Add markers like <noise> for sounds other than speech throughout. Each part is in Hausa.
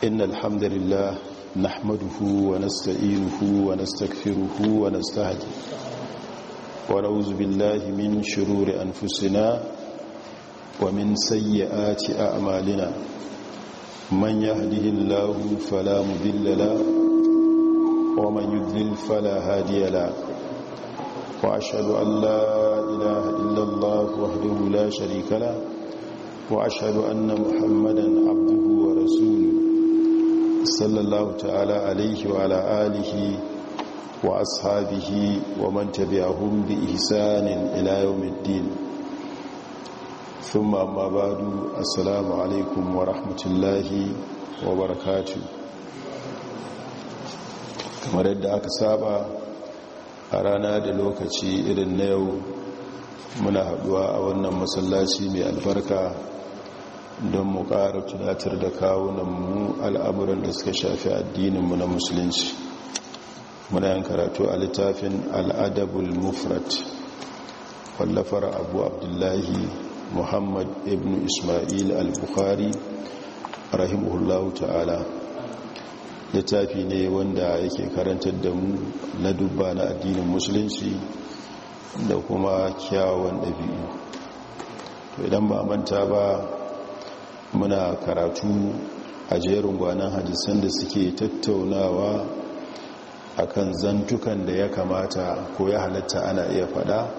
إن الحمد لله نحمده ونستعينه ونستكفره ونستهدي ونعوذ بالله من شرور أنفسنا ومن سيئات أعمالنا من يهده الله فلا مذل له ومن يذل فلا هادي له وأشهد أن لا إله إلا الله وحده لا شريك له وأشهد أن محمدا عبده ورسوله sallallahu ta'ala alaihi wa ala alihi wa ashabihi wa man tabi'ahum bi ihsanin ila yawmiddin thumma amma ba'du assalamu alaikum wa rahmatullahi wa barakatuh kamar yadda aka saba a rana da lokaci irin na yau muna haduwa a wannan masallaci mai albarka don mu ƙara tunatar da kawunan mu al'amuran da suka shafi addinin mu na musulunci muna yin karatu a littafin al'adabul mufrat wallafar abu abdullahi muhammad ibn ismail al-bukhari rahimahullahu ta'ala littafi ne wanda yake karantar da mu na dubba na addinin musulunci da kuma kyawun ɗabi'u to idan ba manta ba muna karatu a jerin gwanan hadisan da suke tattaunawa a kan zantukan da ya kamata ko ya halatta ana iya fada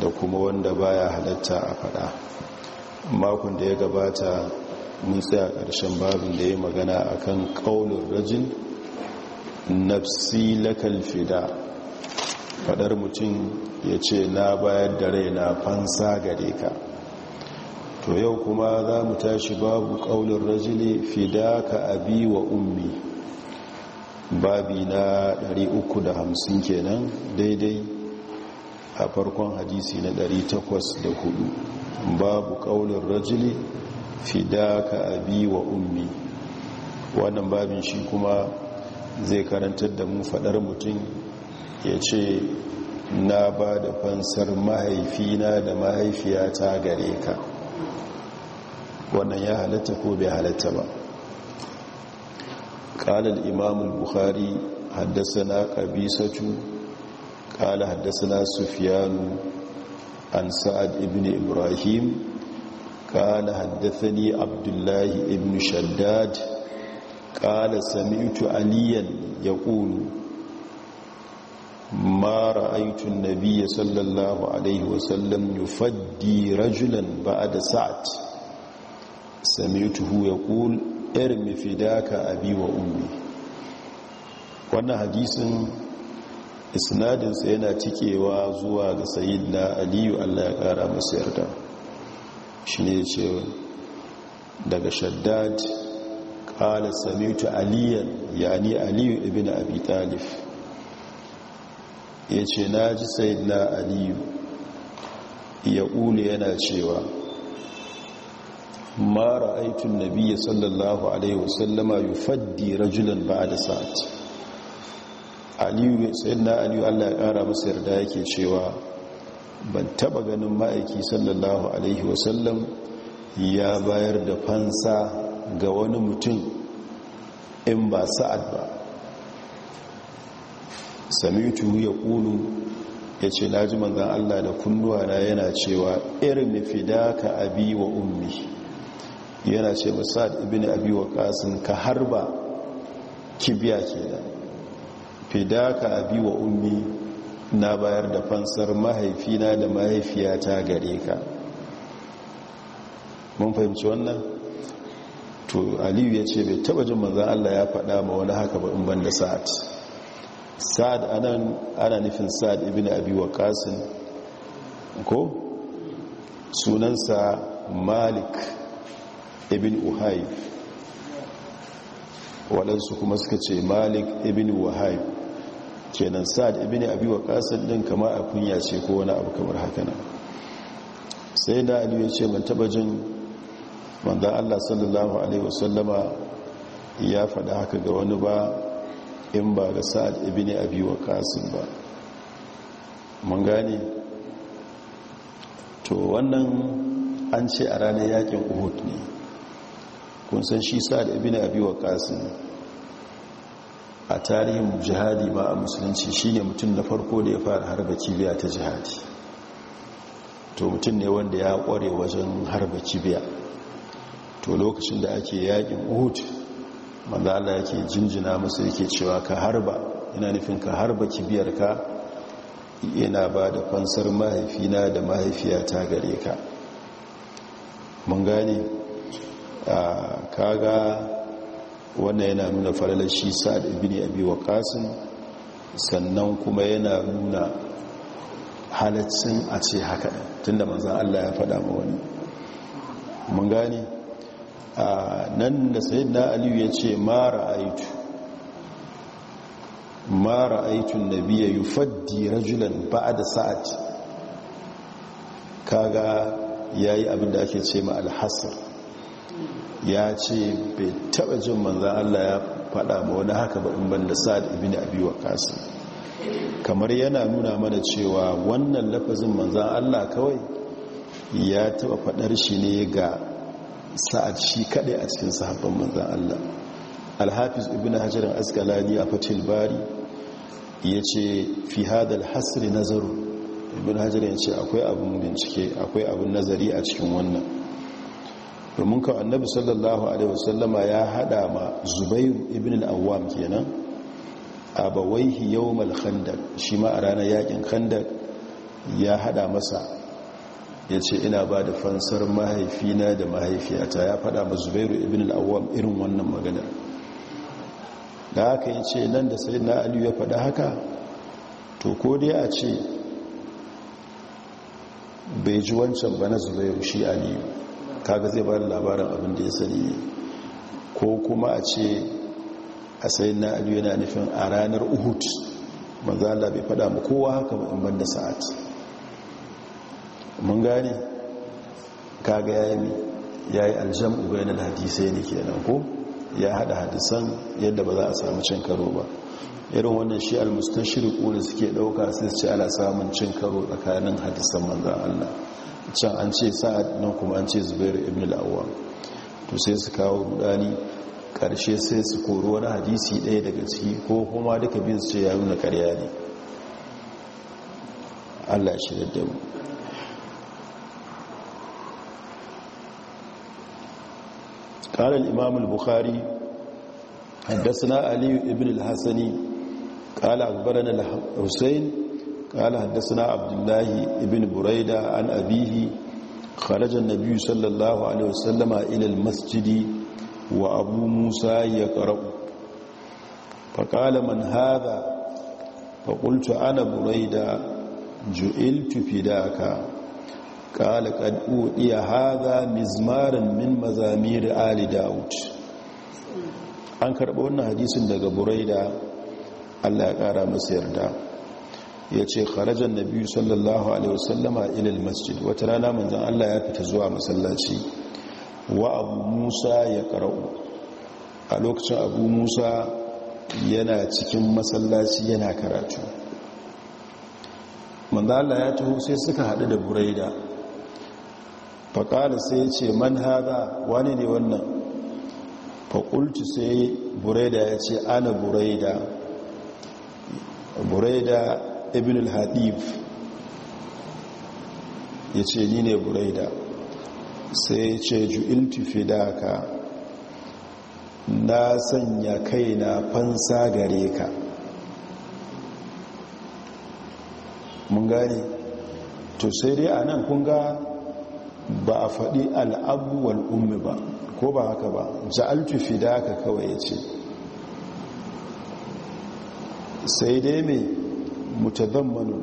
da kuma wanda baya halatta a fada makon da ya gabata mun tsaya ƙarshen babin da ya magana a kan ƙaunar rajin nafsi lakal fida fadar mutum ya ce na bayar da rai na fansa gare ka to yau kuma za mu tashi babu ƙaunin rajili daka abi wa ummi babi na 350 kenan daidai a farkon hadisi na 804 babu ƙaunin rajili daka abi wa ummi wannan babin shi kuma zai karantar da mu faɗar mutum ya ce na ba da fansar mahaifina da mahaifiyata gare ka wannan ya halatta ko bai halatta ba ƙalar imamun buhari haddasa na ƙabisa cu ƙalar haddasa na sufiyanu an sa'ad ibn ibrahim ƙalar haddasa ne abdullahi ibn shaddad ƙalar sami'utu aliyan ya ƙunu ma ra'aytun nabiyya sallallahu alaihi sa'ad yufaddi rajulan ba'da sa'at sami'tuhu yaqul irmi fidaka abi wa ummi wannan hadisin isnadinsa yana cikewa zuwa ga sayyidina aliyu Allah ya kara masa yarda shine cewa daga shaddad qala sami'tu aliyan yani aliyu ibn abi talib ya ce na ji sayidina aliyu ya ƙuli yana cewa mara aitun nabiya sallallahu alaihi wasallama yi faddi rajulan ba da sa'ati aliyu sayidina aliyu allah ya ƙara masa yarda yake cewa ban taba ganin ma'aiki sallallahu alaihi wasallam ya bayar da fansa ga wani mutum in ba sa'ad ba samitu ya ƙulu ya ce na ji manzan allah da kunnuwa na yana cewa irin nufi da ka abi wa ummi yana ce musad ibn abi wa kasin ka harba kibiya ke da fidaka abi wa ummi na bayar da fansar mahaifina da mahaifiyata gare ka mun fahimci wannan to aliyu ya ce bai taba jin manzan allah ya faɗa ma wani haka ba in ban da sa'ad sa'ad anan ana nufin sa'ad ibn abi waqasin ko sunansa malik ibn uhayb waɗansu kuma suka ce malik ibn wahayb kenan sa'ad ibn abi waqasin din kama a kunya ce ko wani abu kamar haka nan sai da Ali ya ce man taba jin manzon Allah sallallahu alaihi wasallama ya faɗa haka ga wani ba in ba ga sa'ad ibn abi waqasin ba mun gane to wannan an ce a ranar yakin uhud ne kun san shi sa'ad ibn abi waqasin a tarihin jihadi ma a musulunci shine mutum na farko da ya fara harba kibiya ta jihadi to mutum ne wanda ya kware wajen harba kibiya to lokacin da ake yakin uhud manzala yake jinjina musu yake cewa ka harba yana nufin ka harba kibiyarka yana ba da fansar mahaifina da mahaifiyata gare ka mun gane kaga wannan yana nuna falalar shi sa'ad ibn abi waqasin sannan kuma yana nuna halaccin a ce haka tunda manzan Allah ya faɗa ma wani mun gane nan da sayyidina aliyu ya ce mara aitu mara aitun yi faddi rajulan da sa'ad. kaga yayi abin da ake ce ma alhassan ya ce bai taba jin manzan Allah ya faɗa ma wani haka ba in banda sa'ad ibini abiwa kasu. kamar yana nuna mana cewa wannan lafazin manzan Allah kawai ya taba faɗar shi ne ga sa'ad shi kaɗai a cikin sahabban manzan Allah alhafiz ibn hajar askalani a fatil bari ya ce fi hadal hasri nazaru ibn hajar ya ce akwai abin bincike akwai abin nazari a cikin wannan domin ka annabi sallallahu alaihi wasallama ya hada ma zubairu ibn al-awwam kenan a yawmal khandaq shi ma a ranar yakin khandaq ya hada masa ya ce ina ba da fansar mahaifina da mahaifiyata ya fada ma zubairu ibn al'awam irin wannan maganar da haka ya ce nan da sai na aliyu ya fada haka to ko dai a ce bai ji wancan ba na zubairu shi aliyu kaga zai ba da labarin abin da ya sani ne ko kuma a ce a sai na aliyu yana nufin a ranar uhud mazala bai fada ma kowa haka ba in banda da sa'ad mun gane kaga yayi yayi aljam'u bainal hadisai ne kenan ko ya hada hadisan yadda ba za a samu cin karo ba irin wannan shi almustashriqu ne suke dauka sai su ce ana samun cin karo tsakanin hadisan manzon Allah can an ce sa'ad nan kuma an ce zubair ibn al-awwam to sai su kawo gudani, karshe sai su koro wani hadisi ɗaya daga ciki ko kuma duka bin su ce ya nuna karya ne Allah shi da قال الإمام البخاري حدثنا علي بن الحسني قال أخبرنا الحسين قال حدثنا عبد الله بن بريدة عن أبيه خرج النبي صلى الله عليه وسلم إلى المسجد وأبو موسى يقرأ فقال من هذا فقلت أنا بريدة جئلت فداك قال قد أوتي هذا مزمارا من مزامير آل an karbi wannan hadisin daga buraida allah ya ƙara masa yarda yace ce kharajar sallallahu alaihi wasallama ilil masjid wata rana manzan allah ya fita zuwa masallaci wa abu musa ya karau a lokacin abu musa yana cikin masallaci yana karatu manzan allah ya taho sai suka haɗu da buraida faƙala sai ya ce man haɗa wani ne wannan faƙulci sai buraida ya ce ana buraida buraida ibn al-hadif ya ce ni ne buraida sai ya ce da ka. na sanya kaina fansa gare ka mun gane to sai dai a nan kun ga ba a faɗi al’abuwal ummi ba ko ba haka ba ja'altu fida ka kawai ya ce sai dai mai manu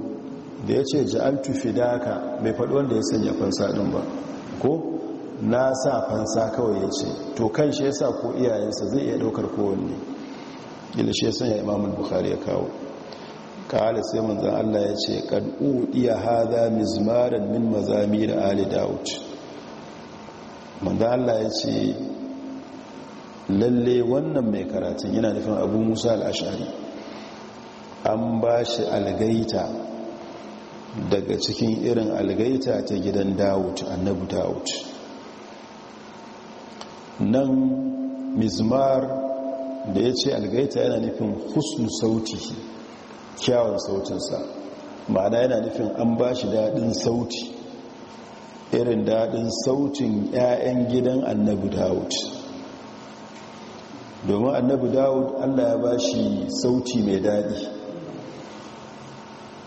da ya ce ja'altu fida ka bai faɗi wanda ya sanya fansa ɗin ba ko na sa fansa kawai ya ce to kan shi ya sa ko iyayensa zai iya ɗaukar kowanne ila ya sanya imamun bukari ya kawo kala sai manzan Allah ya ce kan iya haza mizmaran min mazami da ali daud manzan Allah ya ce lalle wannan mai karatun yana nufin abu musa al'ashari an ba shi algaita daga cikin irin algaita ta gidan dawud annabu dawud nan mizmar da ya ce algaita yana nufin husnu sautihi kyawun sautinsa ma'ana yana nufin an ba shi daɗin sauti irin daɗin sautin 'ya'yan gidan annabu dawud domin annabu dawud allah ya ba shi sauti mai daɗi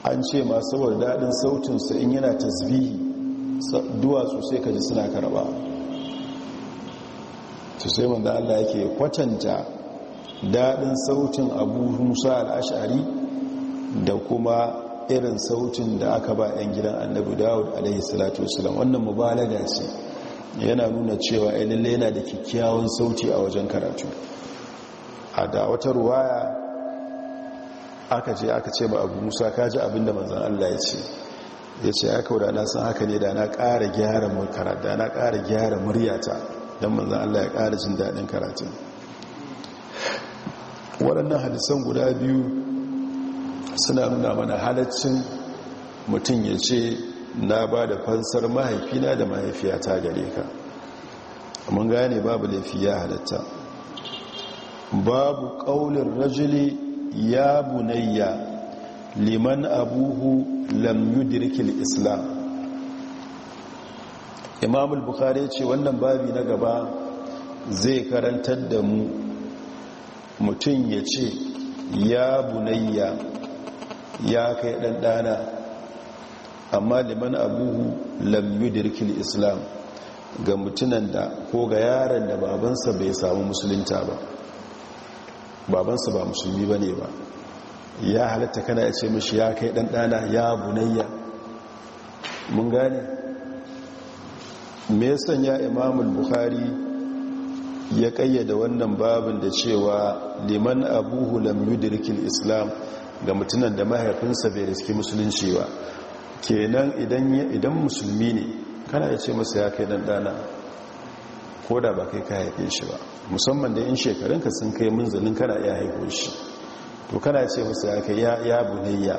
an ce ma saboda daɗin sautinsa in yana tasbihi duwatsu sai kaji suna karɓa su sai wanda allah yake kwatanta daɗin sautin abu musa al'ashari da kuma irin sautin da aka ba 'yan gidan annabi dawud alaihi salatu wasalam wannan mubalaga ce yana nuna cewa lalle yana da kyakkyawan sauti a wajen karatu a da wata ruwaya aka ce aka ce ba abu musa kaji ji abinda manzan allah ya ce ya ce ya kawo da na san haka ne da na ƙara gyara makara da na ƙara gyara muryata don manzan allah ya ƙara jin daɗin karatu. waɗannan hadisan guda biyu suna nuna mana halaccin mutum ya ce na ba da fansar mahaifina da mahaifiyata gare ka mun gane babu laifi ya halatta babu ƙaunin rajili ya bunayya liman abuhu lam yudirkil islam imamul bukhari ce wannan babi na gaba zai karantar da mu mutum ya ce ya bunayya ya kai ɗanɗana amma liman abuhu lamyu dirkil islam ga mutunan da ko ga yaron da babansa bai samu musulunta ba babansa ba musulmi ba ne ba ya halatta kana ya ce mashi ya kai ɗanɗana ya bunayya mun gane me sanya imamul bukhari ya kayyada wannan babin da cewa liman abuhu lam yudrikil islam ga mutunan da mahaifinsa bai riski musulunci ba kenan idan musulmi ne kana ya ce masa ya kai ɗanɗana ko da ba kai ka haife shi ba musamman da yin ka sun kai munzalin kana ya haifo shi to kana ce masa ya kai ya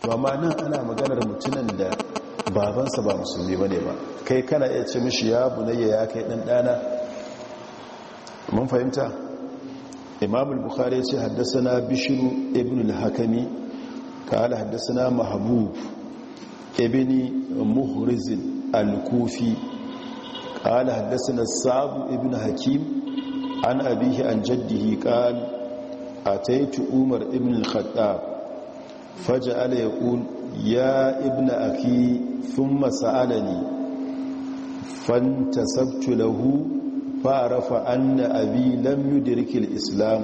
to amma nan ana maganar mutunan da babansa ba musulmi ba ne ba kai kana iya ce mishi ya bunayya ya kai ɗanɗana mun fahimta imam al-bukhari ce haddasa bishiru ibn al-hakami kala haddasa mahbub ibn muhriz al-kufi kala haddasa sabu ibn hakim an abihi an jaddihi qala ataitu umar ibn al-khattab faja'ala yaqul ya ibn akhi thumma sa'alani fantasabtu lahu fa'arafa anna abi lam yudrikil islam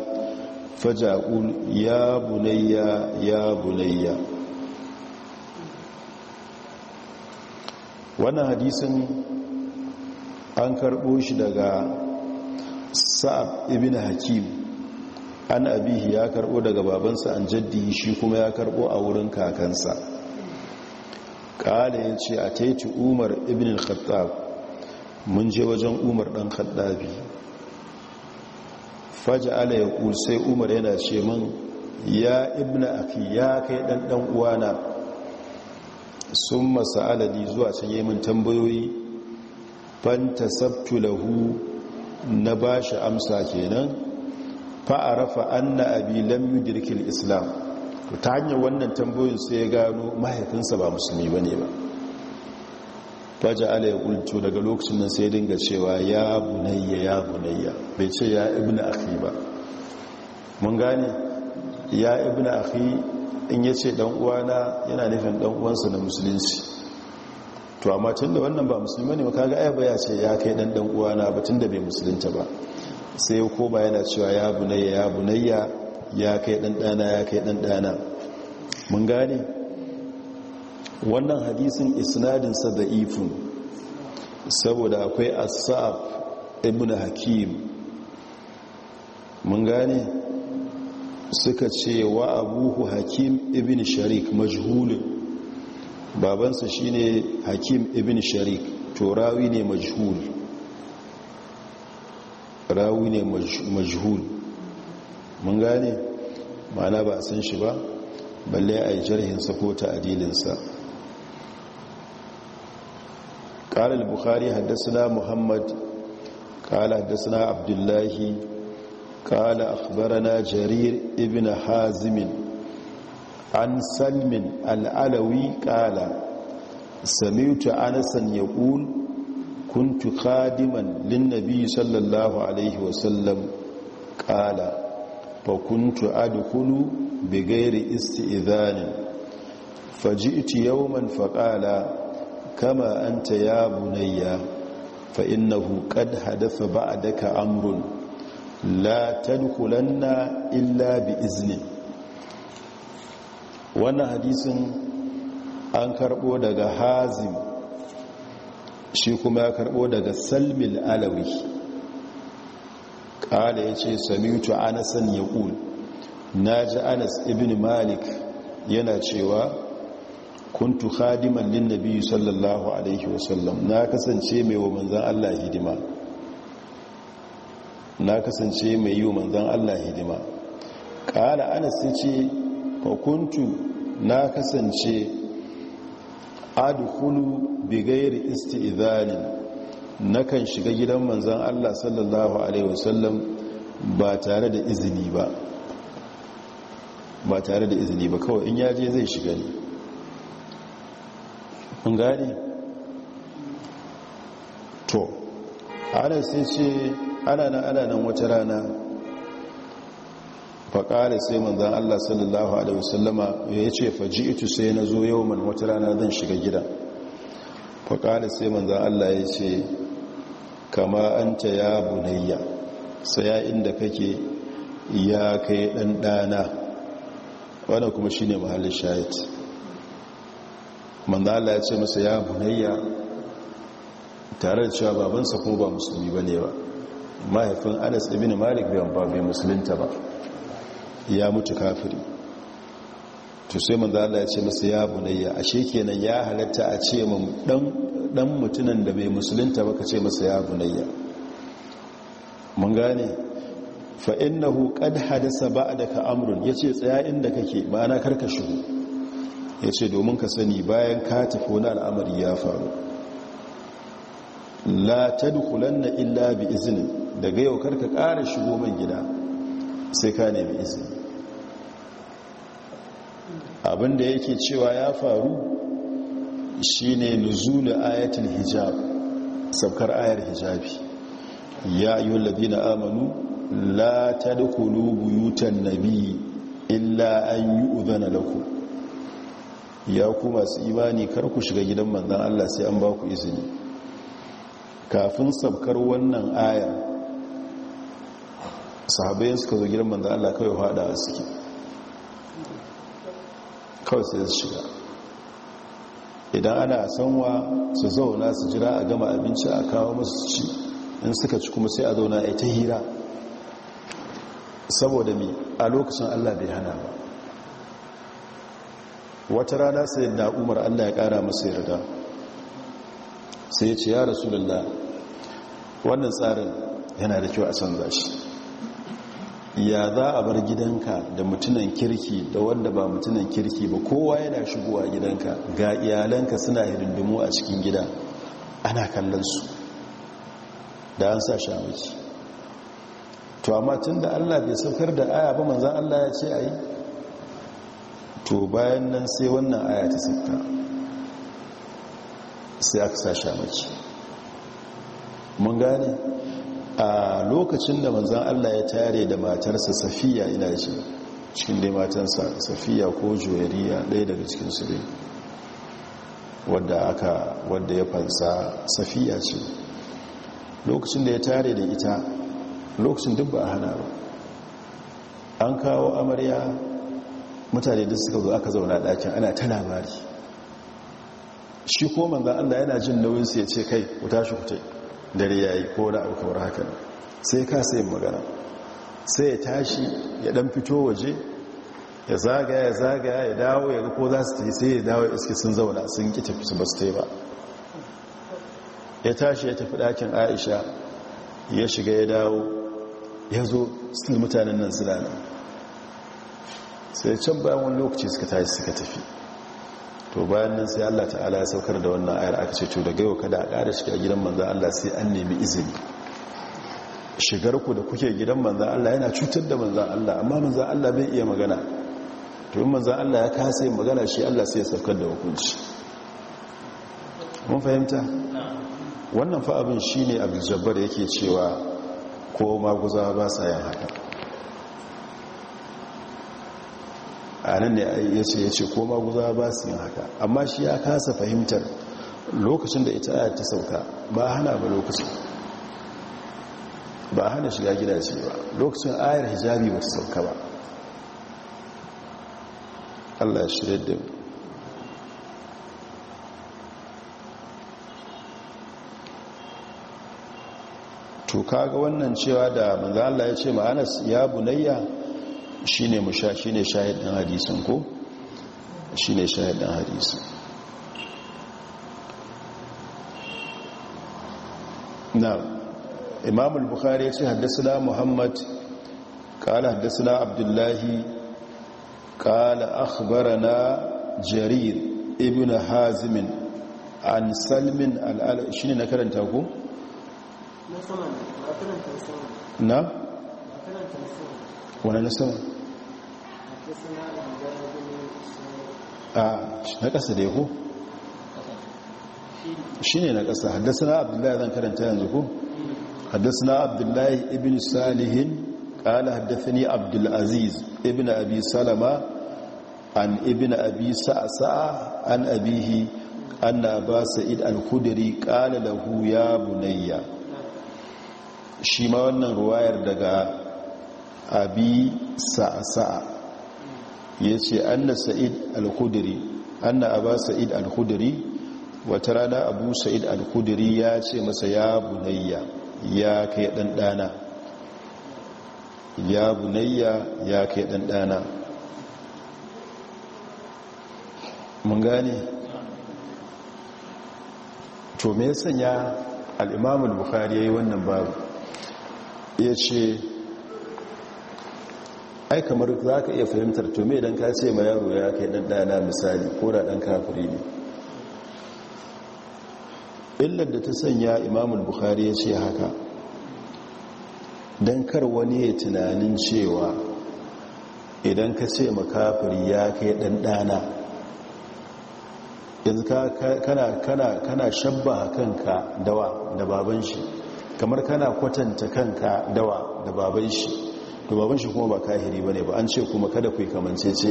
faja'ul ya bunayya ya bunayya wannan hadisin an karɓo shi daga sa'ab ibn hakim an abihi ya karɓo daga babansa an jaddi shi kuma ya karɓo a wurin kakansa ƙala ya ce a taiti umar ibn khattab mun je wajen umar ɗan kaddabi faja ala ya ƙul sai umar yana ce min ya ibna aki ya kai ɗanɗan uwana sun masa aladi zuwa can yi min tambayoyi fanta sabtu lahu na ba shi amsa kenan fa'arafa an na abi lamu dirkin islam ta hanyar wannan tambayoyin sai ya gano mahaifinsa ba musulmi ba ne ba faja ala ya kulto daga lokacin nan sai dinga cewa ya bunayya ya bunayya bai ce ya ibn akhi ba mun gane ya ibn akhi in ya ce dan uwana yana nufin dan uwansa na musulunci to amma tunda wannan ba musulmi ne kaga ai ya ce ya kai dan dan uwana ba tunda bai musulunta ba sai ya koma yana cewa ya bunayya ya bunayya ya kai dan dana ya kai dan dana mun gane wannan hadisin isnadinsa da ifin saboda akwai asaf ibn hakim mun gane suka ce wa abuhu hakim ibn sharik majhulin babansa shine hakim ibn sharik to rawi ne majhul rawi ne majhul mun gane ma'ana ba a san shi ba balle a yi jarhinsa ko ta'adilinsa قال البخاري حدثنا محمد قال حدثنا عبد الله قال أخبرنا جرير ابن حازم عن سلم العلوي قال سمعت أنسا يقول كنت خادما للنبي صلى الله عليه وسلم قال فكنت أدخل بغير استئذان فجئت يوما فقال kama anta ya bunayya fa innahu qad hadatha daka amrun la tadkhulanna illa bi izni wannan hadisin an karbo daga hazim shi kuma ya karbo daga salmil alawi kala ya ce samitu anasan ya ƙul na ji anas ibn malik yana cewa kuntu khadiman lin nabi sallallahu alaihi wasallam na kasance mai wa manzan Allah hidima na kasance mai yi wa manzan Allah hidima ƙala anas ya ce fakuntu na kasance adhulu bi ghairi nakan shiga gidan manzan Allah sallallahu alaihi wasallam ba tare da izini ba ba tare da izini ba kawai in yaje zai shiga ne kun gani to ana sai ce ana nan ana nan wata rana faƙari sai manzan allah sallallahu alaihi wasallama ya ce faji itu sai na zo yau man wata rana zan shiga gida faƙari sai manzan allah ya ce kama an ta ya bunayya ya inda kake ya kai ɗanɗana wadda kuma shi ne mahallin shayat manzala ya ce masa ya bunayya tare da cewa babansa kuma ba musulmi ba ne ba mahaifin anas ibn malik bai ba bai musulunta ba ya mutu kafiri to sai manzala ya ce masa ya bunayya ashe kenan ya halatta a ce mu dan mutunan da bai musulunta ba ka ce masa ya bunayya mun gane fa innahu qad hadasa ba'daka amrun yace tsaya inda kake ma'ana karka shigo ya ce domin ka sani bayan ka tafi wani al'amari ya faru la ta na illa bi izini daga yau karka ƙara shigo mai gida sai ka nemi izini abinda yake cewa ya faru shi shine nuzulu ayatul hijab saukar ayar hijabi ya wallabi na amanu la ta dukulu buyutan nabi illa an yi uzana lakum ya ku masu imani kar ku shiga gidan manzan Allah sai an ba ku izini kafin sabkar wannan aya sahabayen suka zo gidan manzan Allah kawai fada suke kawai sai su shiga idan ana sanwa su zauna su jira a gama abinci a kawo masu ci in suka ci kuma sai a zauna a ta hira saboda mi a lokacin Allah bai hana ba wata rana sai da umar allah ya kara masa yarda sai ya ce ya rasulallah wannan tsarin yana da kyau a canza shi ya za a bar gidanka da mutunan kirki da wanda ba mutunan kirki ba kowa yana shigowa gidanka ga iyalanka suna hirindimu a cikin gida ana kallon su da an sa shamaki to amma tun da allah bai saukar da aya ba manzan allah ya ce a yi to bayan nan sai wannan aya ta sauka sai aka sashi a mace mun gane a lokacin da manzan allah ya tare da matarsa safiya ina ce cikin dai matansa safiya ko juwariya ɗaya daga cikin su dai wadda aka wadda ya fansa safiya ce lokacin da ya tare da ita lokacin duk ba a hana ba an kawo amarya mutane da suka zo aka zauna ɗakin ana ta labari shi ko manzan allah yana jin nauyinsu ya ce kai ku tashi ku dare ya yi ko da abu haka sai ka sayin magana sai ya tashi ya ɗan fito waje ya zagaya ya zaga ya dawo ya ga ko za su sai ya dawo iske sun zauna sun ki tafi su ba su ba ya tashi ya tafi ɗakin aisha ya shiga ya dawo ya zo sun mutanen nan suna nan sai can bayan wani lokaci suka tashi suka tafi to bayan nan sai Allah ta'ala ya saukar da wannan ayar aka ce to daga yau kada a ƙara shiga gidan manzan Allah sai an nemi izini shigar ku da kuke gidan manzan Allah yana cutar da manzan Allah amma manzan Allah bai iya magana to yin manzan Allah ya kasa yin magana shi Allah sai ya saukar da hukunci mun fahimta wannan fa abin shine abin jabbar yake cewa ko maguza ba sa yin haka a nan ne ya ce ya ce ko maguza ba su yin haka amma shi ya kasa fahimtar lokacin da ita ta sauka ba hana ba lokacin ba hana shiga gidaje ba lokacin ayar hijabi ba ta sauka ba allah shirya da to kaga wannan cewa da manzo Allah ya ce ma'anas ya bunayya shi ne shahidin hadisun ko shi ne shahidin hadisun na imam al-bukhari ya ce haddasa muhammad قال حدثنا عبد na قال أخبرنا جرير ابن حازم عن سلم na شنو نكرن تاكو نعم na saman? na ƙasa da ya ku? shi ne na ƙasa haddasa na abdullahi zan karanta yanzu ku? haddasa na abdullahi ibn salihin ƙala haddasa ni abdulaziz ibn abi salama an ibn abi sa'asa an abihi an na ba sa'id al-kudiri ƙala hu ya bunayya shi ma wannan ruwayar daga abi sa'asa ya ce anna sa'id al-khudri anna aba sa'id al-khudri wata rana abu sa'id al-khudri ya ce masa ya bunayya ya kai ɗanɗana ya bunayya ya kai ɗanɗana mun gane to me sanya al-imam al-bukhari yi wannan babu yace ai kamar za ka iya fahimtar to me dan ka ce ma yaro ya kai dan misali ko da dan kafiri ne illar da ta sanya imamul bukhari ya ce haka dan kar wani ya tunanin cewa idan ka ce ma kafiri ya kai dan yanzu kana kana kana shabba kanka dawa da baban shi kamar kana kwatanta kanka dawa da baban shi to baban shi kuma ba kahiri ba ne ba an ce kuma kada ku yi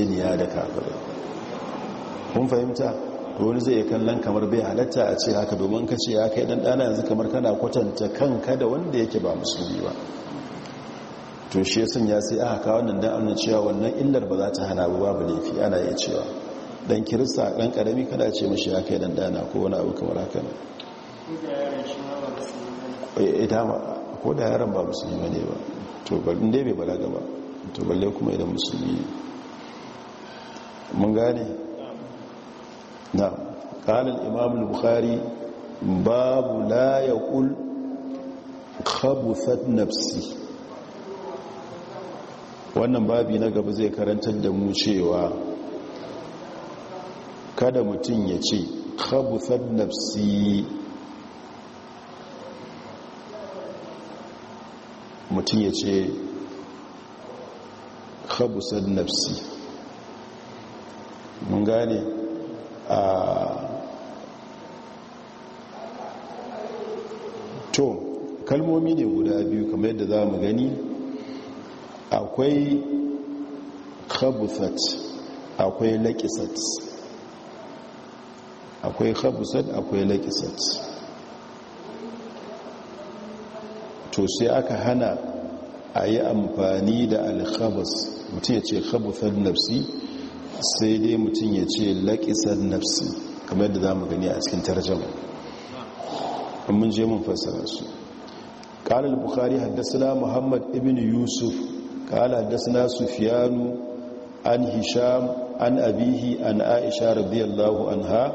niya da kafirai kun fahimta to wani zai kallon kamar bai halatta a ce haka domin ka ce ya kai dan dana yanzu kamar kana kwatanta kanka da wanda yake ba musulmi ba to shi ya sanya sai aka kawo wannan dan annan cewa wannan illar ba za ta hana ba babu laifi ana iya cewa dan kirista dan karami kada ce mishi ya kai dan dana ko wani abu kamar haka ne ko da yaron ba musulmi ne eh, eh, ba to balin dai bai balaga ba to balle kuma idan musulmi mun gane na kanin imam bukhari babu la ya ƙul khabuthat nafsi wannan babi na gaba zai karantar da mu cewa kada mutum ya ce khabuthat nafsi mutum ya ce habusar nafsi mun gane a to kalmomi ne guda biyu kamar yadda za mu gani akwai habusat akwai laƙisat akwai habusat akwai laƙisat to sai aka hana a yi amfani da alkhabas mutum ya ce khabuthar nafsi sai dai mutum ya ce laƙisar nafsi kamar yadda za mu gani a cikin tarjama mun je mun fassara su ƙala bukhari haddasa muhammad ibn yusuf ƙala haddasa na sufiyanu an hisham an abihi an aisha radiyallahu anha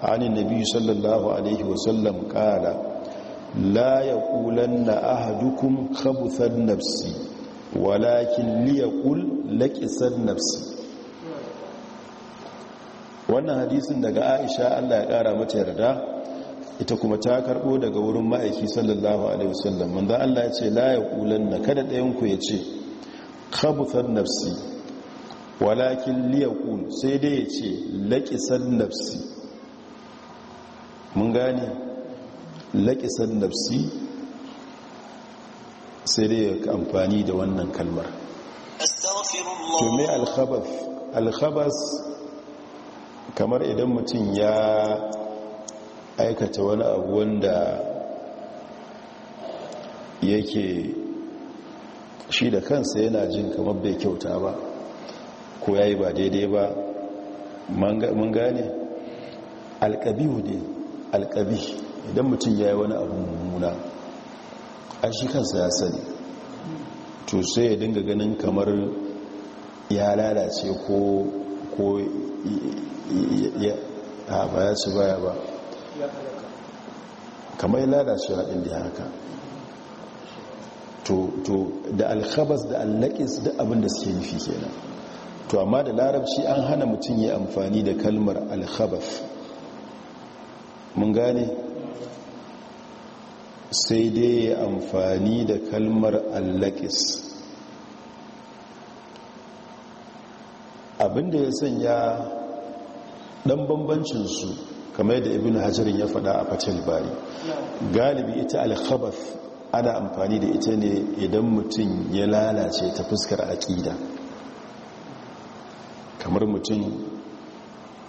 anin nabi sallallahu alaihi wasallam ƙala la ya ƙulan na ahadukun habutar nafsi walakin liyakul laƙisar nafsi wannan hadisin daga aisha allah ya ƙara mata yarda ita kuma ta karɓo daga wurin ma'aiki sallallahu alaihi wasallam wanda allah ya ce la ya ƙulan na kada ɗayanku ya ce habutar nafsi walakin liyakul sai dai ya ce laƙisar nafsi mun gane laƙisan nafsi sai dai ya amfani da wannan kalmar to alkhabas alkhabas kamar idan mutum ya aikata wani abu wanda yake shi da kansa yana jin kamar bai kyauta ba ko ya yi ba daidai ba mun gane alkabi hudu alkabi idan mutum ya yi wani abu mummuna a shi kansa ya sani to sai ya dinga ganin kamar ya lalace ko ko ya ba ya ci baya ba kamar ya lalace haɗin da haka to da alkhabas da allakis da abinda suke nufi kenan to amma da larabci an hana mutum ya amfani da kalmar alkhabas mun gane sai dai ya amfani da kalmar allakis abinda ya sanya dan su kamar da ibn hajarin ya fada a fatil bari galibi ita alkhabath ana amfani da ita ne idan mutum ya lalace ta fuskar aƙida kamar mutum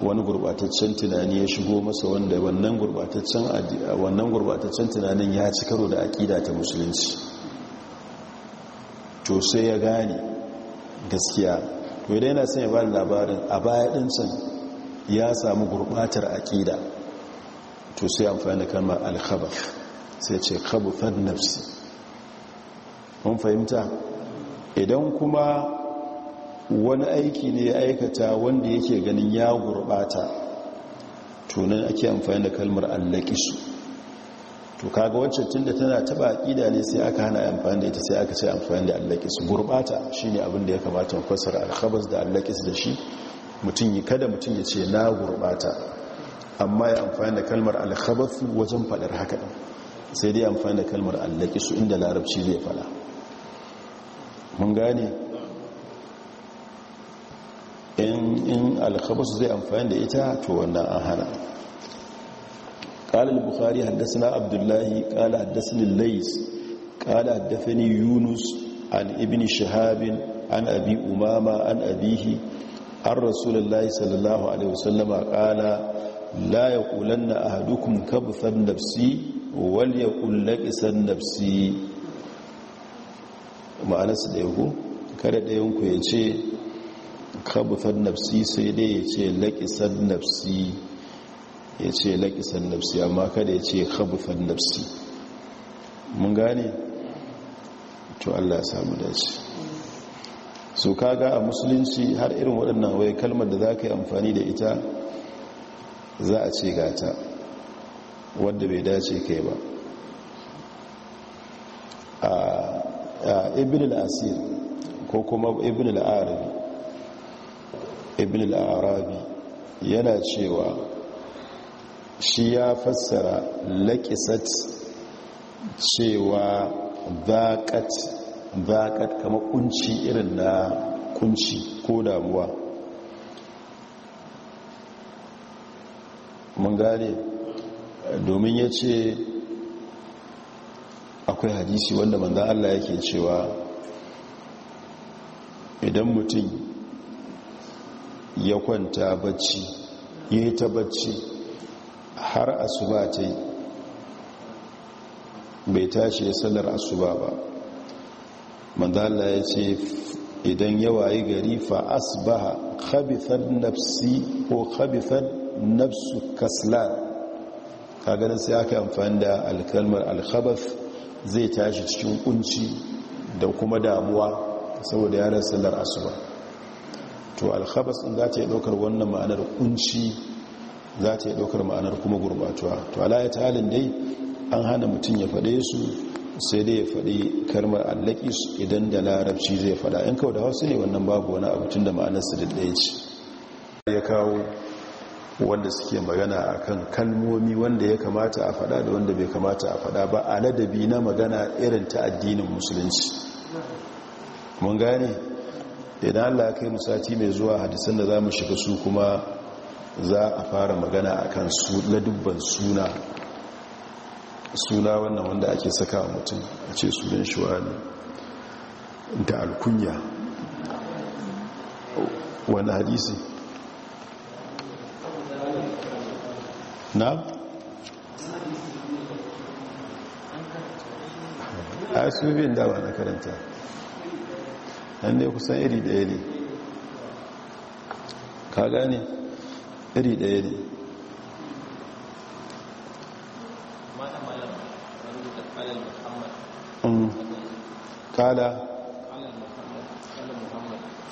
wani gurbataccen tunani ya shigo masa wanda wannan gurbataccen wannan gurbataccen tunanin ya ci karo da aƙida ta musulunci to sai ya gane gaskiya to idan yana son ya bada labarin a baya din can ya samu gurbatar aƙida to sai amfani da kalmar al-khabath sai ce an nafsi mun fahimta idan kuma wani aiki ne ya aikata wanda yake ganin ya gurbata tunan ake amfani da kalmar allakisu to kaga wacce da tana taba ƙida ne sai aka hana amfani da ita sai aka ce amfani da allakisu gurbata shine abin da ya kamata mu fassara al da allakisu da shi mutum yi kada mutum ya ce na gurbata amma ya amfani da kalmar al wajen faɗar haka sai dai amfani da kalmar allakisu inda larabci zai fada mun gane in alkhabas zai amfani da ita to wannan an hana qala al-bukhari haddathana abdullah qala haddathani al-lays qala haddathani yunus an ibni shahab an abi umama an abihi ar rasulullah sallallahu alaihi wasallam qala la yaqulanna ahadukum kabsan nafsi wal yaqul laqisan nafsi ma'anasu da yugo kada ɗayanku ya ce. kabufar nafsi sai dai ya ce laƙisar nafsi ya ce laƙisar nafsi amma kada ya ce kabufar nafsi mun gane to allah ya samu dace so kaga a musulunci har irin waɗannan wai kalmar da za ka yi amfani da ita za a ce gata wadda bai dace kai ba a ibn al-asir ko kuma ibn al-arabi ibn al'arabi yana cewa shi ya fassara laƙisat cewa zaƙat zaƙat kama kunci irin na kunci ko damuwa mun gane domin ya ce akwai hadisi wanda manzan Allah yake cewa idan mutum ya kwanta bacci ya yi ta bacci har asuba ta yi bai tashi ya sallar asuba ba manzala ya ce idan yawayi gari fa asbaha khabithar nafsi ko khabifar nafsu ka ganin sai aka amfani da alkalmar alkhabaf zai tashi cikin kunci da kuma damuwa saboda yanar sallar asuba to alkhabas in za ta yi ɗaukar wannan ma'anar kunci za ta yi ɗaukar ma'anar kuma gurbatuwa to alayat halin dai an hana mutum ya faɗe su sai dai ya faɗi karmar allakis idan da larabci zai faɗa in kawo da hausa ne wannan babu wani tun da ma'anar su daɗaya ce ya kawo wanda suke magana a kan kalmomi wanda ya kamata a faɗa da wanda bai kamata a faɗa ba a ladabi na magana irin ta addinin musulunci mun gane idan allah ya kai musati mai zuwa hadisan da za mu shiga su kuma za a fara magana a kan ladubban suna suna wannan wanda ake saka wa mutum a ce sunan shi da alkunya wani hadisi na? a su biyun dawa na karanta an dai kusan iri daya ne ka gane iri daya ne mm. kala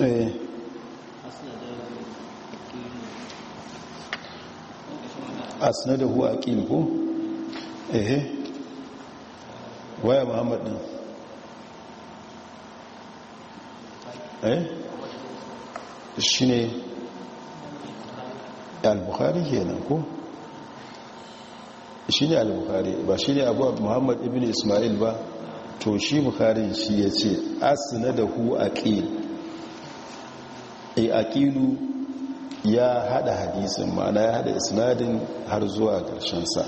eh. da huwa aqil ko ehe waya muhammadin Eh? shi ne al-bukhari kenan ko shi ne al ba shi ne abuwa muhammad ibn ismail ba to shi bukhari shi ya ce asina da hu aqil e eh, aqilu ya hada hadisin ma'ana ya hada isnadin har zuwa ƙarshen sa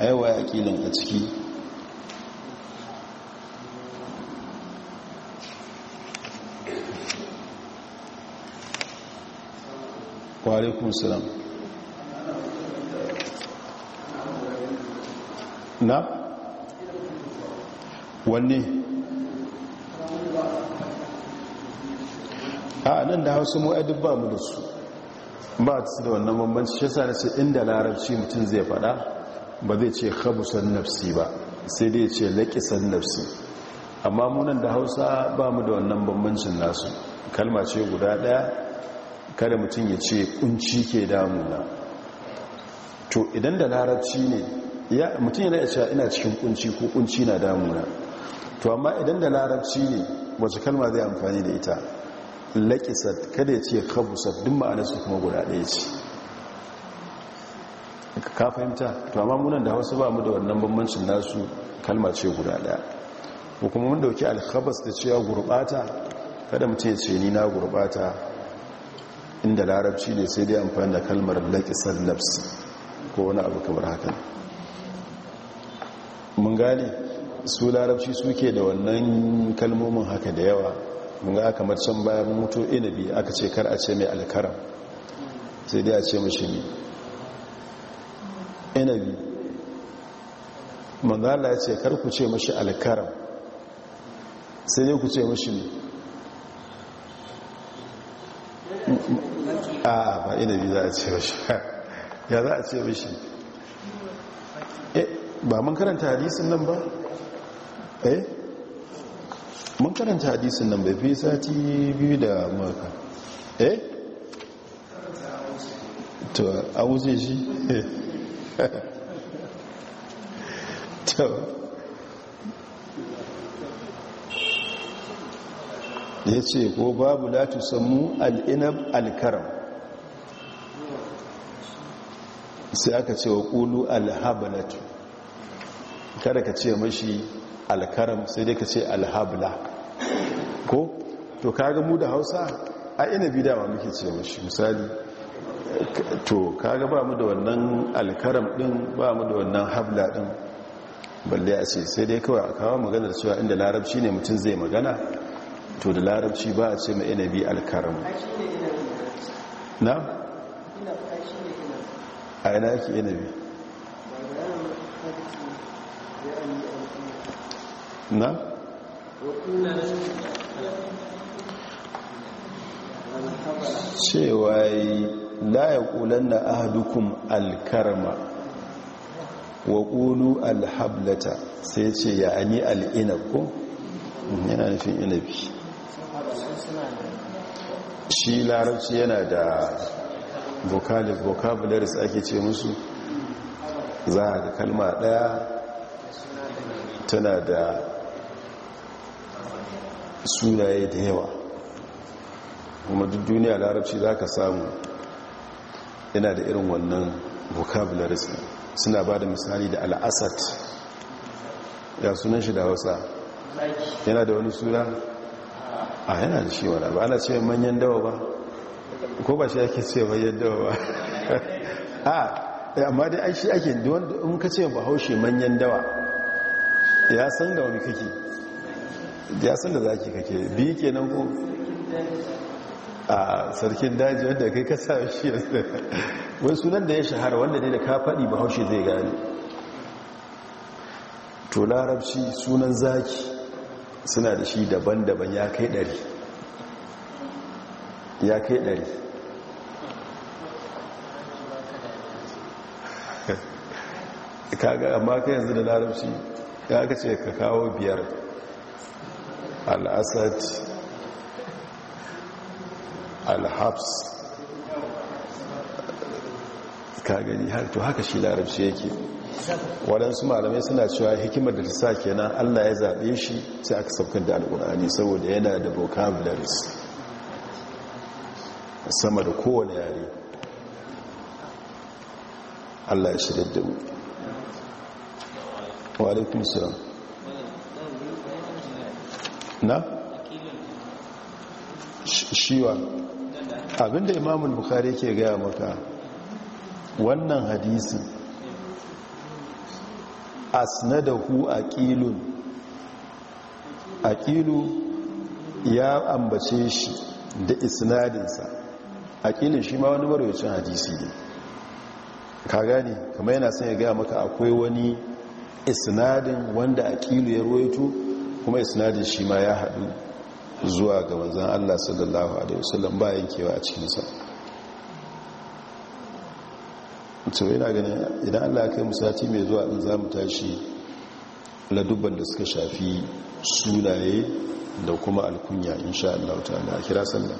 aiwa aqilin a ciki alaikun salam na wanne a nan da hausa mu duk ba mu da su ba su da wannan bambanci shi sa da inda larabci mutum zai fada ba zai ce khabusan nafsi ba sai dai ce laƙisan nafsi amma munan da hausa ba mu da wannan bambancin nasu kalma ce guda ɗaya kada mutum ya ce kunci ke damuna to idan da larabci ne mutum yana cewa ina cikin kunci ko kunci na damuna to amma idan da larabci ne wace kalma zai amfani da ita laƙisat kada ya ce kabusat duk su kuma guda ɗaya ce ka fahimta to amma munan da wasu ba mu da wannan bambancin nasu kalma ce guda ɗaya ko kuma mun dauki alkhabas da cewa gurbata kada mutum ya ce ni na gurbata inda larabci ne sai dai amfani da kalmar laƙisar nafsi ko wani abu kamar haka mun gane su larabci suke da wannan kalmomin haka da yawa mun ga kamar can bayan mutu inabi aka ce kar a ce mai alkaram sai dai a ce mashi ne inabi manzala ya ce kar ku ce mashi alkaram sai dai ku ce mashi ne a ba inabi za a ce mashi ya za a ce mashi eh, ba mun karanta hadisin nan ba eh mun karanta hadisin nan bai fi sati biyu da maka eh to a wuce shi <laughs> to ya ce ko babu latu samu al'inab alkaram sai aka ce wa ƙulu alhabalatu kada ka ce mashi alkaram sai dai ka ce alhabla ko to kaga mu da hausa a inabi dama muke ce mashi misali to kaga ba mu da wannan alkaram din ba mu da wannan habla din balle a ce sai dai kawai a kawo maganar cewa inda larabci ne mutum zai magana to da larabci ba a ce ma inabi alkaram na? a yana yake inabi na? cewa yi laye kulan na ahadukun alkarma wa kulu alhablata sai ce ya ani al'inab ko yana nufin inabi shi larabci yana da vocabularies ake ce musu za a da kalma daya tana da sunaye da yawa kuma duk duniya larabci za ka samu yana da irin wannan vocabularies suna ba da misali da al'asat ya sunan shi da wasa yana da wani suna a yana da shi wani ba ana ce manyan dawa ba ko ba shi ake ce manyan dawa ba <laughs> a amma dai shi ake in ka ce ba haushe manyan dawa ya san da wani kake ya san da zaki kake biyu nan ko a sarkin daji wanda kai ka sa shi <laughs> wani sunan da ya shahara wanda ne da ka faɗi ba haushe zai gane to larabci sunan zaki suna da shi daban-daban ya kai ɗari ya kai ɗari <laughs> amma ka yanzu da larabci ya ka ce ka kawo biyar al-assad al-habs ka gani har to haka shi larabci yake waɗansu malamai suna cewa hikimar da ta sa kenan allah ya zaɓe shi sai aka saukar da alƙur'ani saboda yana da vocabularies sama da kowane yare allah ya shirya da mu wa alaikun salam na? shiwa abinda imamul bukari ke gaya maka wannan hadisi. asnadahu aqilun aqilu ya ambace shi da sa aqilin shi ma wani marwayacin hadisi ne ka gane kamar yana son ya gaya maka akwai wani isnadin wanda aqilu ya ruwaito kuma isnadin shi ma ya haɗu zuwa ga manzon Allah sallallahu alaihi wasallam ba yankewa a cikinsa to yana ganin idan allah ya kai sati mai zuwa in za mu tashi ladubban da suka shafi sunaye da kuma alkunya insha allah ta'ala a kira sallah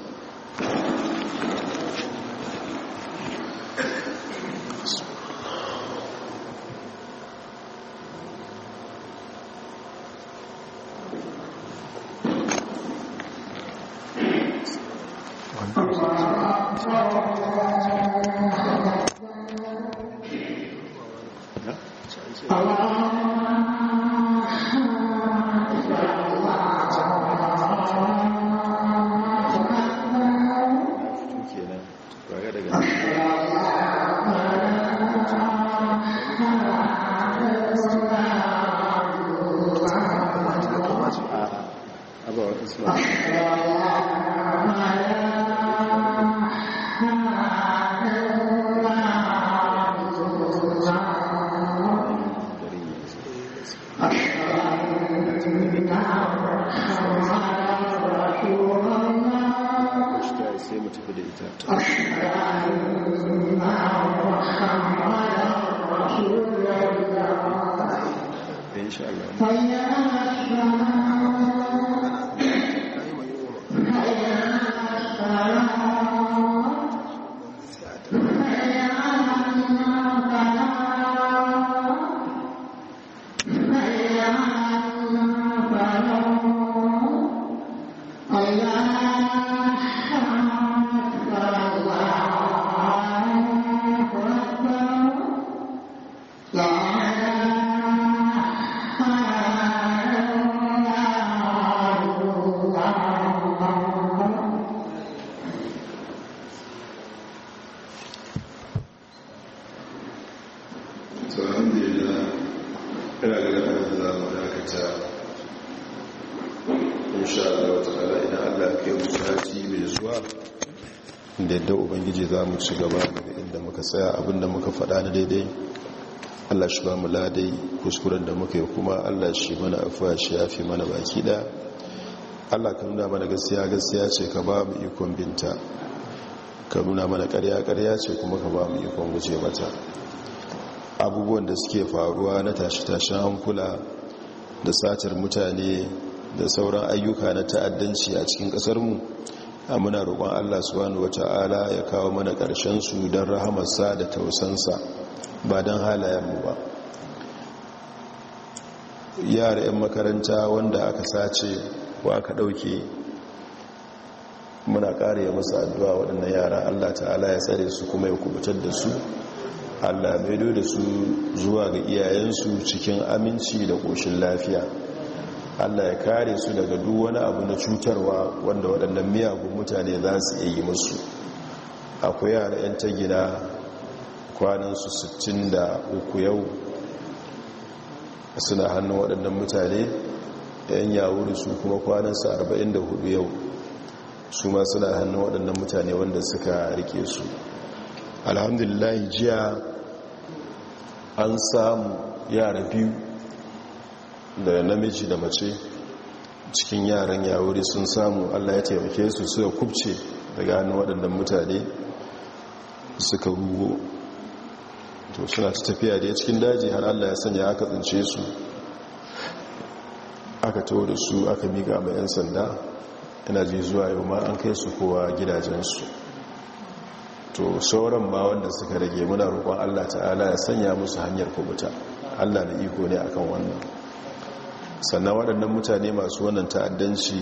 insha Allah ta'ala idan Allah ya mu sati mai zuwa da yadda ubangiji za mu ci gaba daga inda muka tsaya abinda muka faɗa na daidai Allah shi ba mu ladai kuskuren da muka yi kuma Allah shi mana afuwa shi ya fi mana baki da Allah ka nuna mana gaskiya gaskiya ce ka ba mu ikon binta ka nuna mana ƙarya ƙarya ce kuma ka ba mu ikon guje mata abubuwan da suke faruwa na tashi-tashin hankula da satar mutane da sauran ayyuka na ta'addanci a cikin ƙasarmu a muna roƙon allah subhanahu wa ta'ala ya kawo mana ƙarshen su don rahamarsa da tausansa ba don halayenmu ba yara 'yan makaranta wanda aka sace ko aka ɗauke muna ya masa addu'a waɗannan yara allah ta'ala ya tsare su kuma ya kubutar da su allah maido da su zuwa ga iyayensu cikin aminci da ƙoshin lafiya allah ya kare su daga duk wani abu na cutarwa wanda waɗannan miyagun mutane za su iya yi musu akwai yara 'yan ta gida kwanansu 63 yau suna hannun waɗannan mutane 'yan yawuri su kuma da 44 yau su ma suna hannun waɗannan mutane wanda suka rike su alhamdulillah jiya an samu yara biyu da namiji da mace cikin yaran yawuri sun samu allah ya taimake su suka kubce daga hannun waɗannan mutane suka to suna ta tafiya da ya cikin daji har allah ya sanya aka tsince su aka taho da su aka miƙa mai 'yan sanda yana ji zuwa yau ma an kai su kowa gidajensu to sauran ma wanda suka rage muna roƙon allah ta'ala ya sanya musu hanyar kubuta allah da iko ne akan wannan sannan waɗannan mutane masu wannan ta'addanci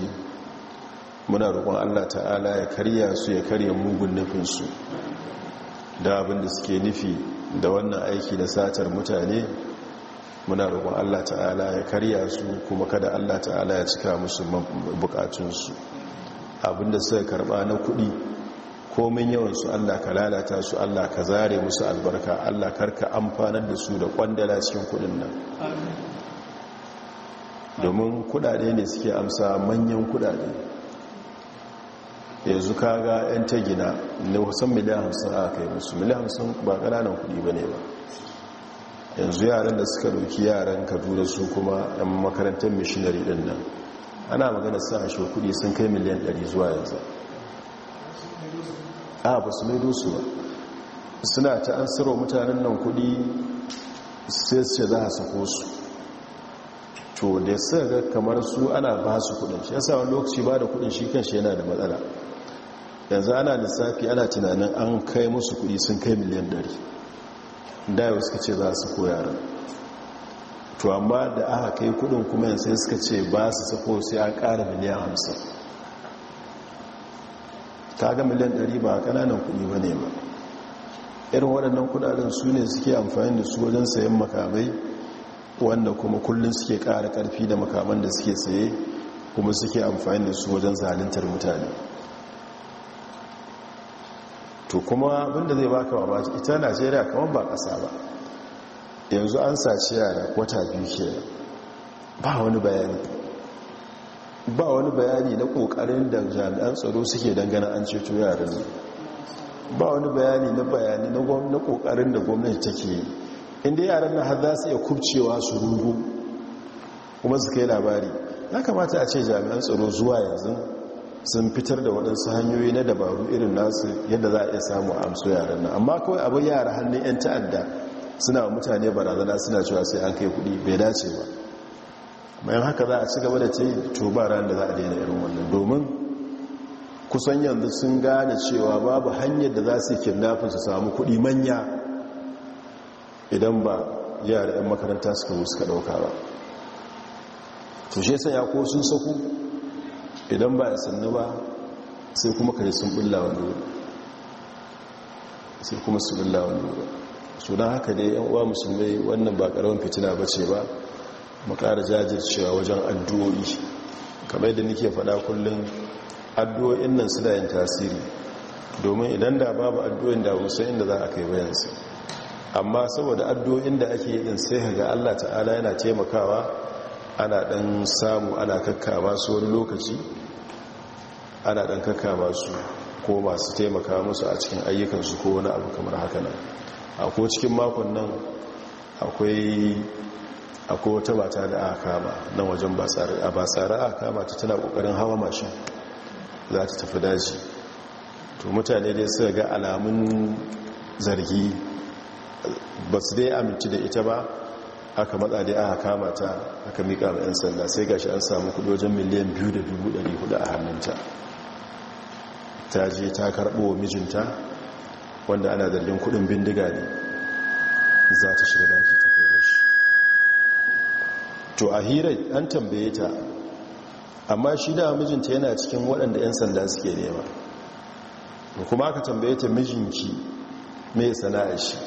muna roƙon allah ta'ala ya karya su ya karya mugun nufinsu da abinda suke nufi da wannan aiki da satar mutane muna roƙon allah ta'ala ya karya su kuma kada allah ta'ala ya cika musu bukatunsu abin suka karɓa na kuɗi komin yawansu allah ka lalata su allah ka zare musu albarka allah karka amfanar da su da kwandala cikin kuɗin nan domin kudade ne suke amsa manyan kudade yanzu kaga 'yan ta gina na wasan miliyan hamsin a kai musu miliyan hamsin ba kananan kudi ba ne ba yanzu yaran da suka ɗauki yaran kaduna su kuma 'yan makarantar mishinari din nan ana magana sa a kudi sun kai miliyan 100 zuwa yanzu a ba su mai dusu ba suna ta an mutanen nan kudi sai su za a sako su to da suka ga kamar su ana ba su kudin shi yasa wani lokaci ba da kudin shi kan shi yana da matsala yanzu ana lissafi ana tunanin an kai musu kudi sun kai miliyan ɗari dayo suka ce za su koyara to amma da aka kai kudin kuma yanzu suka ce ba su sako sai an kara miliyan hamsin. ta ga miliyan ɗari ba kananan kudi ba ne ba irin waɗannan kudaden su ne suke amfani da su wajen sayan makamai wanda kuma kullum suke ƙara ƙarfi da makaman da suke saye kuma suke amfani da su wajen zalintar mutane to kuma abinda zai baka wa ba ita najeriya kamar ba ƙasa ba yanzu an sace yara wata biyu ke ba wani bayani ba wani bayani na ƙoƙarin da jami'an tsaro suke dangana an ceto yaran ba wani bayani na bayani na ƙoƙarin da gwamnati take yi inda yaran na har za su iya kubcewa su rugu kuma su kai labari ya kamata a ce jami'an tsaro zuwa yanzu sun fitar da waɗansu hanyoyi na dabaru irin nasu yadda za a iya samu a amso yaran nan amma kawai abin yara hannun 'yan ta'adda suna mutane barazana suna cewa sai an kai kuɗi bai dace ba bayan haka za a ci gaba da ce to ba ran da za a daina irin wannan domin kusan yanzu sun gane cewa babu hanyar da za su yi kidnapping su samu kuɗi manya idan ba yara 'yan makaranta suka zo suka ɗauka ba to shi ya ko sun saku idan ba ya sannu ba sai kuma kare sun bulla wani wuri sai kuma su bulla wani wuri su don haka ne yan uwa musulmai wannan ba karamin fitina ba ce ba makara jajircewa wajen addu'o'i kamar da nike faɗa kullum addu'o'in nan suna yin tasiri domin idan da babu addu'o'in da musayin da za a kai bayansu amma saboda addu'o'in da ake yi sai ga Allah ta'ala yana taimakawa ana dan samu ana kakkama su wani lokaci ana dan kakkama su ko masu taimaka musu a cikin ayyukansu ko wani abu kamar haka nan a ko cikin makon nan akwai akwai wata mata da aka kama nan wajen ba tsara aka kama ta tana ƙoƙarin hawa mashin za ta tafi daji to mutane dai suka ga alamun zargi ba su dai aminci da ita ba aka matsa dai aka kama ta aka miƙa ma 'yan sanda sai gashi an samu kudojen wajen miliyan 2,400 a hannunta ta je ta karɓo mijinta wanda ana zargin kudin bindiga ne za ta shiga daji ta kai shi to a hirar an tambaye ta amma shi da mijinta yana cikin waɗanda 'yan sanda suke nema kuma aka tambaye ta mijinki mai sana'a shi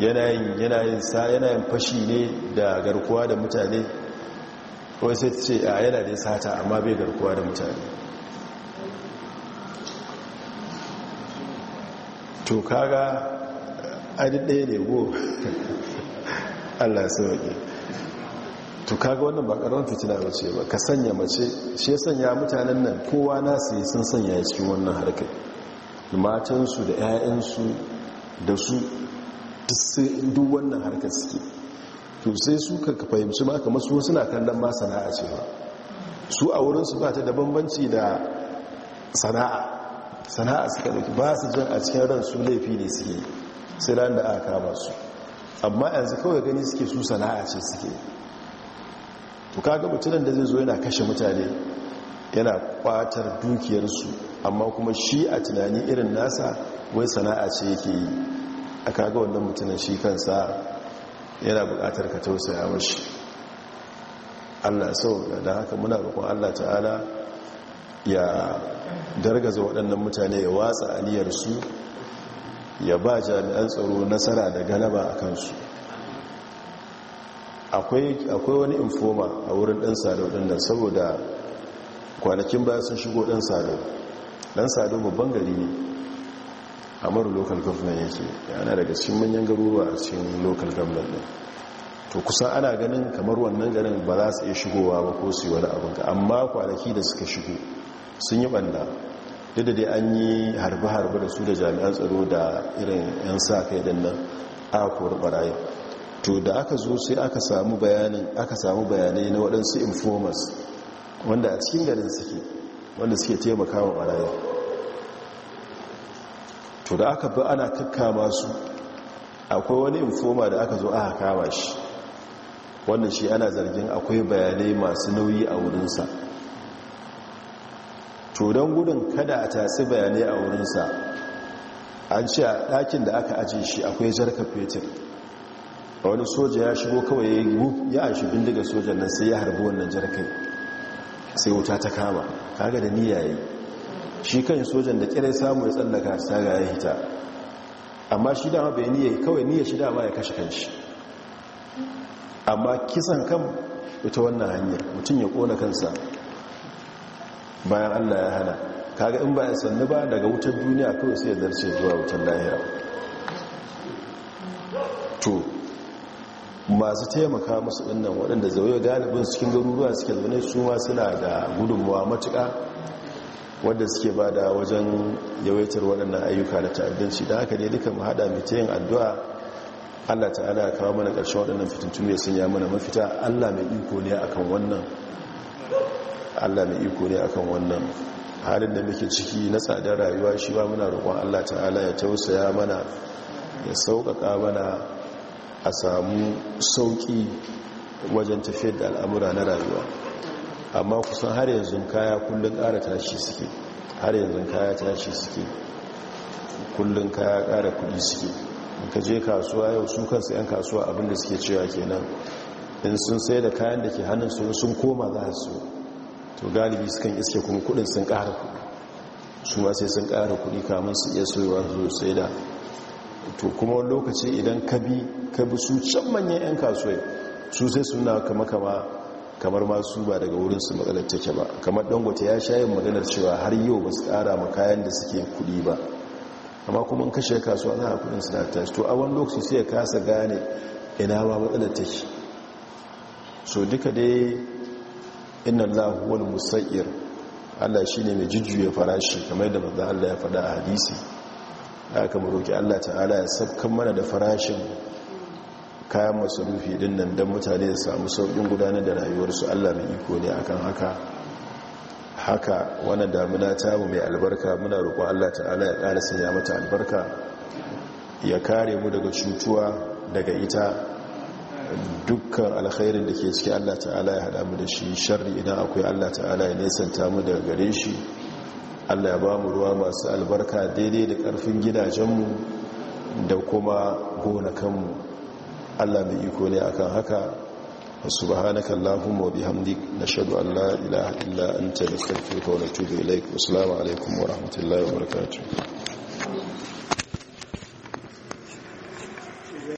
yanayin sa yanayin fashi ne da garkuwa da mutane ko sai ce a yana da sata amma bai garkuwa da mutane to kaga adi ɗaya ne go <laughs> allah sauƙi to kaga wannan ba ƙarar fitina mace ba ka sanya mace shi ya sanya mutanen nan kowa nasu sun sanya cikin wannan harkar matansu da 'ya'yansu da su duk wannan harkar suke to sai su ka fahimci ma kamar su suna kallon ma sana'a ce ba su a wurinsu ba ta da bambanci da sana'a sana'a suka da ba su jan a cikin ran su laifi ne suke sai ran da aka kama su amma yanzu kawai gani suke su sana'a ce suke to kaga mutumin da zai zo yana kashe mutane yana kwatar dukiyarsu amma kuma shi a tunani irin nasa wai sana'a ce yake yi a kaga wannan mutunan shi kansa yana bukatar ka tausaya mashi allah sau da haka muna bakon allah ta'ala ya dargaza waɗannan mutane ya watsa aliyarsu, ya ba jami'an tsaro nasara da galaba a kansu akwai wani infoma a wurin ɗan sado ɗinnan saboda kwanakin baya sun shigo ɗan sado ɗan sado babban gari ne a mara local government yake yana daga cikin manyan garuruwa a cikin local government ne to kusa ana ganin kamar wannan garin ba za su iya shigowa ba ko su yi wani abin amma kwanaki da suka shigo sun yi banda duk da dai an yi harbe-harbe da su da jami'an tsaro da irin 'yan sa kai da nan a kori barayi to da aka zo sai aka samu bayanin aka samu bayanai na waɗansu informers wanda a cikin garin suke wanda suke taimaka wa barayi to da aka bi ana kakkama su akwai wani infoma da aka zo aka kama shi wannan shi ana zargin akwai bayanai masu nauyi a wurinsa to don gudun kada a tatsi bayanai a wurinsa an ce a ɗakin da aka ajiye shi akwai jarka fetur a wani soja ya shigo kawai ya yi ya an shi bindiga sojan nan sai ya harbi wannan jarkai sai wuta ta kama kaga da niyayi shi kan sojan da kirai samu ya tsallaka saga ya hita amma shi dama bai niyya kawai niyya shi dama ya kashe kanshi amma kisan kan ita wannan hanyar mutum ya kona kansa bayan allah ya hana kaga in ba ya sannu ba daga wutar duniya kawai sai ya zarce zuwa wutar lahira to masu taimaka musu ɗinnan waɗanda zaune galibin cikin garuruwa suke zaune su ma suna da gudunmuwa matuƙa wadda suke ba da wajen yawaitar waɗannan ayyuka da ta'addanci da haka ne duka mahaɗa mai ta yin addu'a allah ta'ala ya kawo mana ƙarshen waɗannan fitintunu ya sanya mana mafita allah mai iko ne akan wannan allah mai iko ne akan wannan halin da muke ciki na tsadar rayuwa shi ba muna roƙon allah ta'ala ya tausaya mana ya sauƙaƙa mana a samu sauƙi wajen tafiyar da al'amura na rayuwa amma kusan har yanzu kaya kullum kara tashi suke har yanzu kaya tashi suke kullum kaya kara kuɗi suke in ka je kasuwa yau su kansu 'yan kasuwa abinda suke cewa kenan in sun sai da kayan da ke hannun su sun koma za su to galibi sukan iske kuma kudin sun kara kuɗi su ma sai sun kara kuɗi kamun su iya soyewa su sai da to kuma wani lokaci idan ka bi su can manyan 'yan kasuwa su sai suna kama kama kamar masu ba daga wurin su matsalar take ba kamar dangote ya sha yin maganar cewa har yau ba su kara ma kayan da suke kudi ba amma kuma in kashe kasuwa za a kudin su na tashi to a wani lokaci sai ya kasa gane ina ma matsalar take so duka dai inna allah wani musayir allah shine mai jujjuya farashi kamar da manzo allah ya faɗa a hadisi aka mu roki allah ta'ala ya sabkan mana da farashin kayan masarufi din nan don mutane da samu sauƙin gudanar da rayuwarsu allah mai iko ne akan haka haka wani damuna ta mu mai albarka muna roƙo allah ta'ala ya ƙara sanya mata albarka ya kare mu daga cutuwa daga ita dukkan alkhairin da ke ciki allah ta'ala ya haɗa mu da shi sharri idan akwai allah ta'ala ya nesanta mu daga gare shi allah ya ba mu ruwa masu albarka daidai da ƙarfin gidajenmu da kuma gonakanmu Allah mai iko ne akan haka subhanaka allahumma wa bihamdik nashhadu an la ilaha illa anta nastaghfiruka wa natubu ilaik assalamu alaikum wa rahmatullahi wa barakatuh